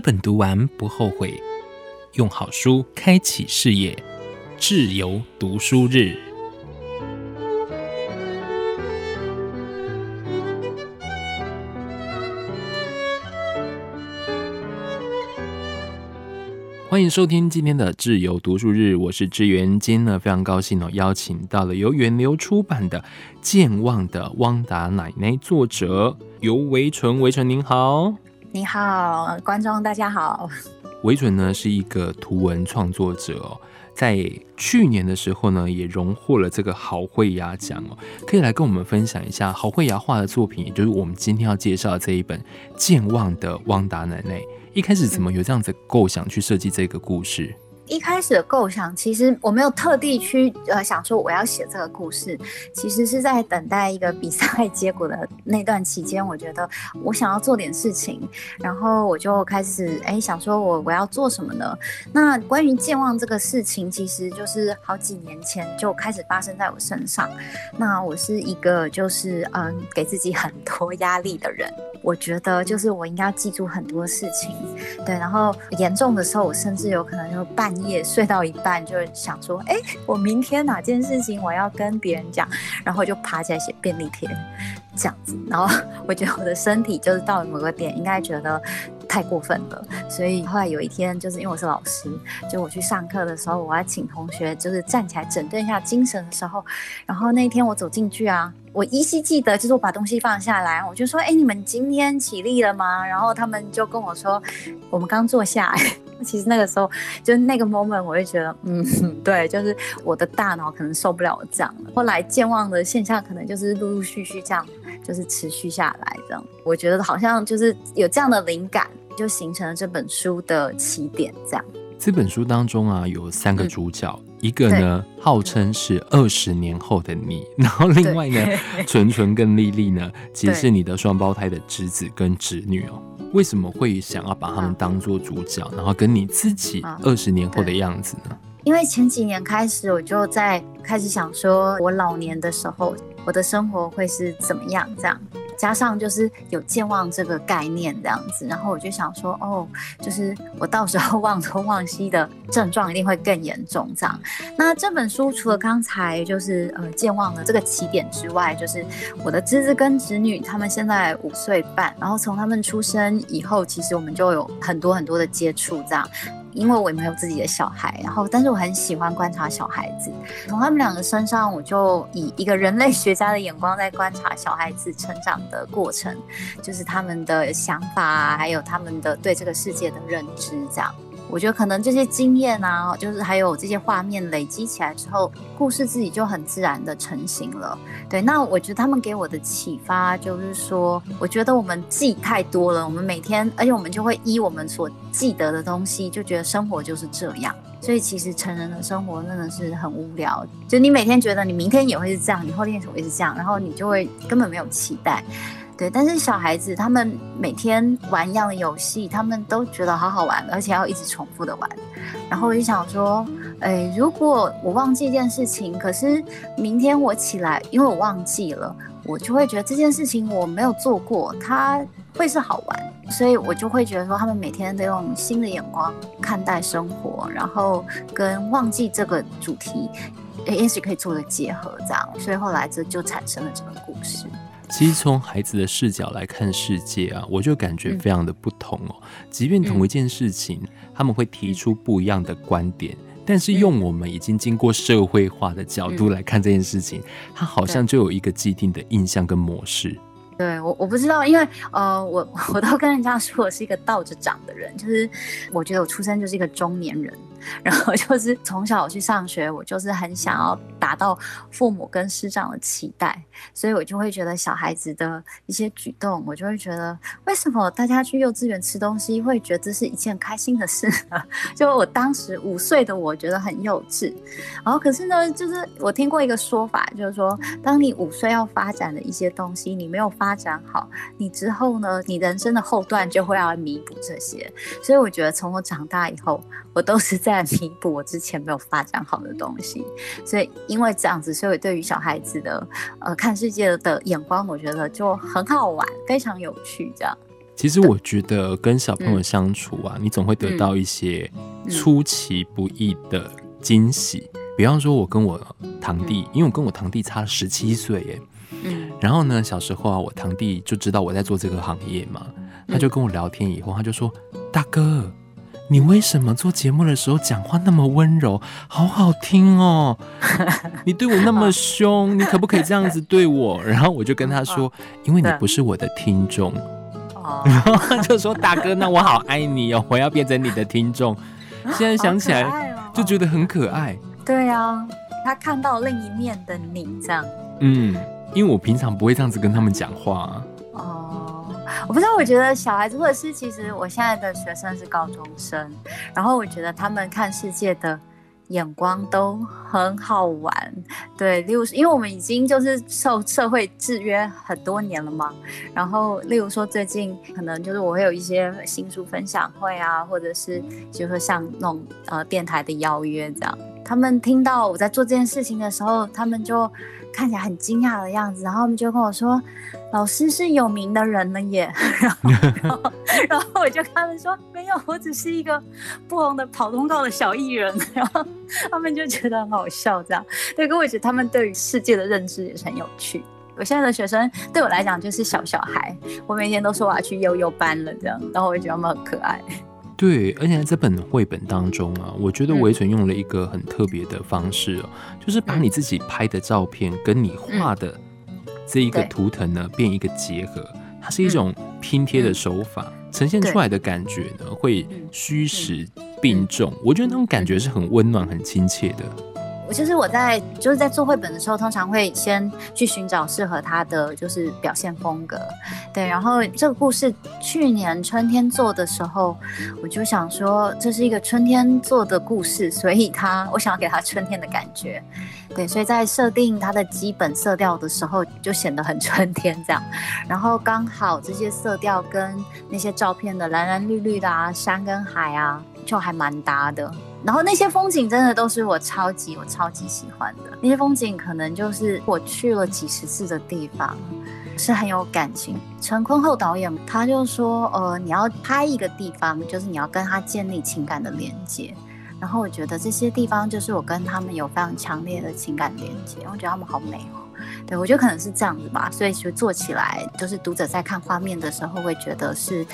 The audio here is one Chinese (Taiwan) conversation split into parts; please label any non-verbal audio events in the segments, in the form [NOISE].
這本讀完不後悔，用好書開啟事業，智由讀書日。歡迎收聽今天的智由讀書日，我是志源。今天呢，非常高興哦，邀請到了由遠流出版的《健忘的汪達奶奶》作者尤爲淳。爲淳，您好。你好，觀眾，大家好。爲淳呢是一個圖文創作者、哦，在去年的時候呢，也榮獲了這個好繪芽獎哦。可以來跟我們分享一下好繪芽畫的作品，也就是我們今天要介紹的這一本《健忘的汪達奶奶》。一開始怎麼有這樣子構想去設計這個故事？一開始的構想，其實我沒有特地去呃想說我要寫這個故事，其實是在等待一個比賽結果的那段期間，我覺得我想要做點事情，然後我就開始哎、欸、想說我我要做什麼呢？那關於健忘這個事情，其實就是好幾年前就開始發生在我身上。那我是一個就是嗯給自己很多壓力的人，我覺得就是我應該記住很多事情，對，然後嚴重的時候我甚至有可能就半。你也睡到一半就想說，哎、欸，我明天哪件事情我要跟別人講，然後就爬起來寫便利貼，這樣子。然後我覺得我的身體就是到了某個點應該覺得太過分了，所以後來有一天，就是因為我是老師，就我去上課的時候，我要請同學就是站起來整頓一下精神的時候，然後那一天我走進去啊，我依稀記得就是我把東西放下來，我就說，哎、欸，你們今天起立了嗎？然後他們就跟我說，我們剛坐下來。其實那個時候，就是那個 moment，我會覺得，嗯，對，就是我的大腦可能受不了這樣了。後來健忘的現象，可能就是陸陸續續這樣，就是持續下來這樣。我覺得好像就是有這樣的靈感，就形成了這本書的起點。這樣，這本書當中啊，有三個主角，嗯、一個呢號稱是二十年後的你，然後另外呢， [LAUGHS] 淳淳跟琍琍呢，其實是你的雙胞胎的侄子跟侄女哦。為什麼會想要把他們當作主角，然後跟你自己二十年後的樣子呢？啊，因為前幾年開始，我就在開始想說，我老年的時候，我的生活會是怎麼樣這樣。加上就是有健忘這個概念這樣子，然後我就想說，哦，就是我到時候忘東忘西的症狀一定會更嚴重。這樣，那這本書除了剛才就是呃健忘的這個起點之外，就是我的侄子跟侄女他們現在五歲半，然後從他們出生以後，其實我們就有很多很多的接觸這樣。因為我也沒有自己的小孩，然後，但是我很喜歡觀察小孩子，從他們兩個身上，我就以一個人類學家的眼光在觀察小孩子成長的過程，就是他們的想法，還有他們的對這個世界的認知，這樣。我覺得可能這些經驗啊，就是還有這些畫面累積起來之後，故事自己就很自然的成型了。對，那我覺得他們給我的啟發就是說，我覺得我們記太多了，我們每天，而且我們就會依我們所記得的東西，就覺得生活就是這樣。所以其實成人的生活真的是很無聊，就你每天覺得你明天也會是這樣，你後天也是，會是這樣，然後你就會根本沒有期待。對，但是小孩子他們每天玩一樣的遊戲，他們都覺得好好玩，而且要一直重複的玩。然後我就想說，哎、欸，如果我忘記一件事情，可是明天我起來，因為我忘記了，我就會覺得這件事情我沒有做過，它會是好玩，所以我就會覺得說，他們每天都用新的眼光看待生活，然後跟忘記這個主題，欸，也許可以做個結合這樣，所以後來這就產生了這個故事。其實從孩子的視角來看世界啊，我就感覺非常的不同哦。嗯，即便同一件事情，嗯，他們會提出不一樣的觀點，嗯，但是用我們已經經過社會化的角度來看這件事情，嗯，他好像就有一個既定的印象跟模式。對，我我不知道，因為呃，我我都跟人家說我是一個倒着長的人，就是我覺得我出生就是一個中年人。然後就是從小我去上學，我就是很想要達到父母跟師長的期待，所以我就會覺得小孩子的一些舉動，我就會覺得為什麼大家去幼稚園吃東西會覺得這是一件開心的事呢？就我當時五歲的我覺得很幼稚，然後可是呢，就是我聽過一個說法，就是說當你五歲要發展的一些東西你沒有發展好，你之後呢，你人生的後段就會要彌補這些。所以我覺得從我長大以後，我都是在。在彌補我之前沒有發展好的東西，所以因為這樣子，所以對於小孩子的呃看世界的眼光，我覺得就很好玩，非常有趣。這樣，其實我覺得跟小朋友相處啊，嗯、你總會得到一些出其不意的驚喜、嗯嗯。比方說，我跟我堂弟，因為我跟我堂弟差了十七歲，欸，嗯，然後呢，小時候啊，我堂弟就知道我在做這個行業嘛，他就跟我聊天以後，他就說：“嗯、大哥。”你為什麼做節目的時候講話那麼溫柔，好好聽哦？ [LAUGHS] 你對我那麼凶， [LAUGHS] 你可不可以這樣子對我？然後我就跟他說， [LAUGHS] 因為你不是我的聽眾。哦， [LAUGHS] 然後就說，大哥，那我好愛你哦，我要變成你的聽眾。現在想起來就覺得很可愛。對啊，他看到另一面的你這樣。嗯，因為我平常不會這樣子跟他們講話。哦。我不知道，我覺得小孩子，或者是其實我現在的學生是高中生，然後我覺得他們看世界的眼光都很好玩。對，例如，因為我們已經就是受社會制約很多年了嘛，然後例如說最近可能就是我會有一些新書分享會啊，或者是就是像那種呃電台的邀約這樣。他們聽到我在做這件事情的時候，他們就看起來很驚訝的樣子，然後他們就跟我說：“老師是有名的人了耶。 [LAUGHS] ”然後，然後我就跟他們說：“沒有，我只是一個普通的跑通告的小藝人。”然後他們就覺得很好笑，這樣。對，跟我覺得他們對於世界的認知也是很有趣。我現在的學生對我來講就是小小孩，我每天都說我要去幼幼班了這樣，然後我就覺得他們很可愛。對，而且在這本繪本當中啊，我覺得爲淳用了一個很特別的方式哦，就是把你自己拍的照片跟你畫的這一個圖騰呢，變一個結合，它是一種拼貼的手法，呈現出來的感覺呢，會虛實並重。我覺得那種感覺是很溫暖、很親切的。我就是我在就是在做繪本的時候，通常會先去尋找適合他的就是表現風格，對。然後這個故事去年春天做的時候，我就想說這是一個春天做的故事，所以他我想要給他春天的感覺，對。所以在設定它的基本色調的時候，就顯得很春天這樣。然後剛好這些色調跟那些照片的藍藍綠綠的啊，山跟海啊，就還蠻搭的。然後那些風景真的都是我超級我超級喜歡的，那些風景可能就是我去了幾十次的地方，是很有感情。陳坤厚導演他就說，呃，你要拍一個地方，就是你要跟他建立情感的連接。然後我覺得這些地方就是我跟他們有非常強烈的情感連接，因為我覺得他們好美哦。對，我覺得可能是這樣子吧，所以其實做起來就是讀者在看畫面的時候會覺得是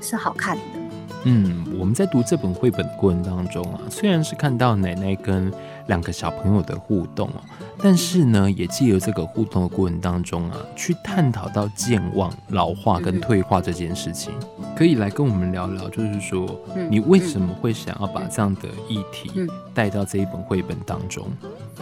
是好看的。嗯，我們在讀這本繪本的過程當中啊，雖然是看到奶奶跟兩個小朋友的互動啊，但是呢，也借由這個互動的過程當中啊，去探討到健忘、老化跟退化這件事情。可以來跟我們聊聊，就是說，你為什麼會想要把這樣的議題帶到這一本繪本當中？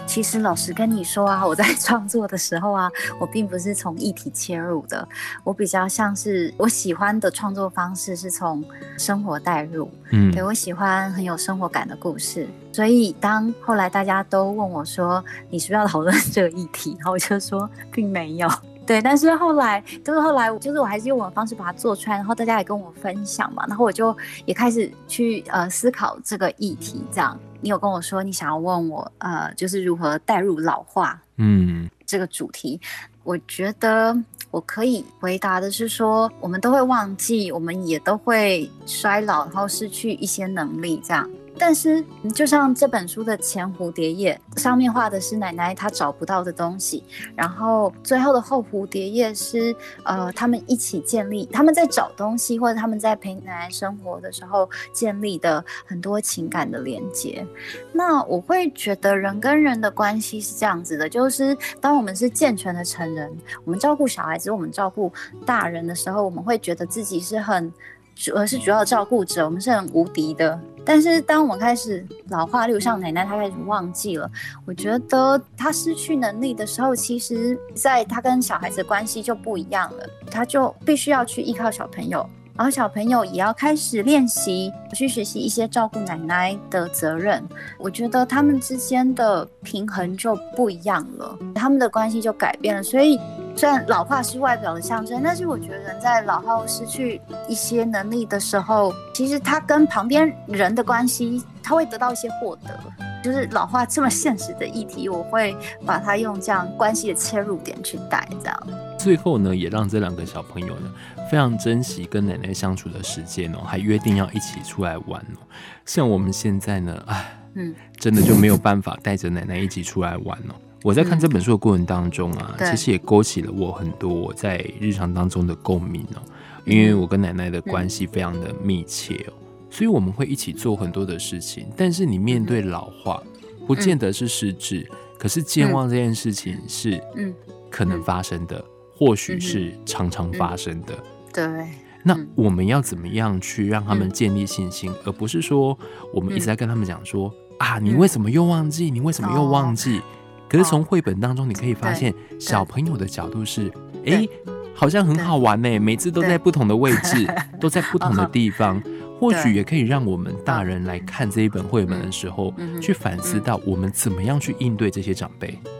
其實老實跟你說啊，我在創作的時候啊，我並不是從議題切入的，我比較像是我喜歡的創作方式是從生活帶入，嗯，對，我喜歡很有生活感的故事，所以當後來大家都問我說，你是不是要討論這個議題，然後我就說並沒有。對，但是後來就是後來，就是我還是用我的方式把它做出來，然後大家也跟我分享嘛，然後我就也開始去呃思考這個議題。這樣，你有跟我說你想要問我呃，就是如何帶入老化嗯這個主題，嗯，我覺得我可以回答的是說，我們都會忘記，我們也都會衰老，然後失去一些能力這樣。但是，就像這本書的前蝴蝶頁上面畫的是奶奶她找不到的東西，然後最後的後蝴蝶頁是呃他們一起建立他們在找東西或者他們在陪奶奶生活的時候建立的很多情感的連接。那我會覺得人跟人的關係是這樣子的，就是當我們是健全的成人，我們照顧小孩子，我們照顧大人的時候，我們會覺得自己是很主、呃、是主要的照顧者，我們是很無敵的。但是，當我開始老化，例如像奶奶，她開始忘記了。我覺得她失去能力的時候，其實在她跟小孩子的關係就不一樣了，她就必須要去依靠小朋友，然後小朋友也要開始練習去學習一些照顧奶奶的責任。我覺得他們之間的平衡就不一樣了，他們的關係就改變了。所以。雖然老化是外表的象徵，但是我覺得人在老化失去一些能力的時候，其實他跟旁邊人的關係，他會得到一些獲得。就是老化這麼現實的議題，我會把它用這樣關係的切入點去帶。這樣最後呢，也讓這兩個小朋友呢非常珍惜跟奶奶相處的時間哦，還約定要一起出來玩哦。像我們現在呢，唉，嗯，真的就沒有辦法帶着奶奶一起出來玩哦。我在看這本書的過程當中啊、嗯，其實也勾起了我很多我在日常當中的共鳴哦、喔。因為我跟奶奶的關係非常的密切哦、喔、嗯，所以我們會一起做很多的事情。嗯、但是你面對老化，嗯、不見得是失智、嗯，可是健忘這件事情是嗯可能發生的，嗯、或許是常常發生的。嗯嗯、對、嗯，那我們要怎麼樣去讓他們建立信心，嗯、而不是說我們一直在跟他們講說、嗯、啊，你為什麼又忘記？嗯、你為什麼又忘記？哦可是從繪本當中，你可以發現小朋友的角度是，哎，好像很好玩呢、欸。每次都在不同的位置，都在不同的地方，或許也可以讓我們大人來看這一本繪本的時候，去反思到我們怎麼樣去應對這些長輩、嗯。嗯嗯嗯嗯嗯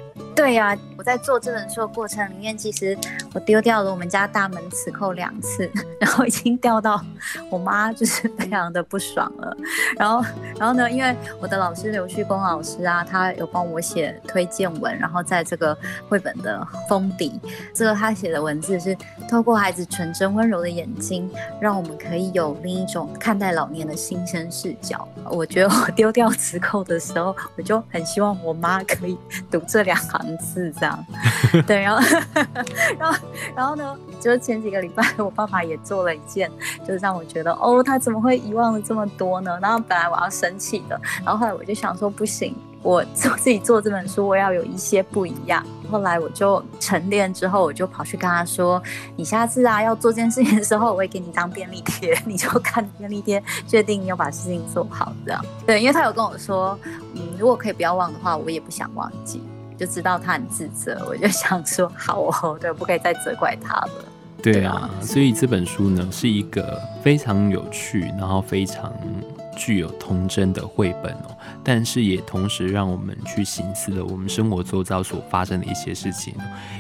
對呀，啊，我在做這本書的過程裡面，其實我丟掉了我們家大門磁扣兩次，然後已經掉到我媽就是非常的不爽了。然後，然後呢，因為我的老師劉旭恭老師啊，他有幫我寫推薦文，然後在這個繪本的封底，這個他寫的文字是透過孩子純真溫柔的眼睛，讓我們可以有另一種看待老年的新生視角。我覺得我丟掉磁扣的時候，我就很希望我媽可以讀這兩行。是這樣，對，然後， [LAUGHS] 然後，然後呢，就是前幾個禮拜，我爸爸也做了一件，就是讓我覺得，哦，他怎麼會遺忘了這麼多呢？然後本來我要生氣的，然後後來我就想說，不行，我做自己做這本書，我要有一些不一樣。後來我就晨練之後，我就跑去跟他說：“你下次啊，要做件事情的時候，我會給你當便利貼，你就看便利貼，確定你要把事情做好。”這樣，對，因為他有跟我說：“嗯，如果可以不要忘的話，我也不想忘記。”就知道他很自責，我就想說好哦，對，不可以再責怪他了。對啊，對啊，所以這本書呢是一個非常有趣，然後非常。具有童真的繪本哦，但是也同時讓我們去省思了我們生活周遭所發生的一些事情。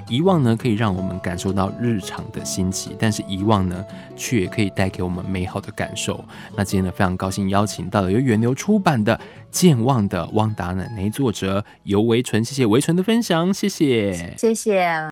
遺忘呢，可以讓我們感受到日常的新奇，但是遺忘呢，卻也可以帶給我們美好的感受。那今天呢，非常高興邀請到了由源流出版的《健忘的汪達奶奶》作者尤為淳，謝謝為淳的分享，謝謝，謝謝啊。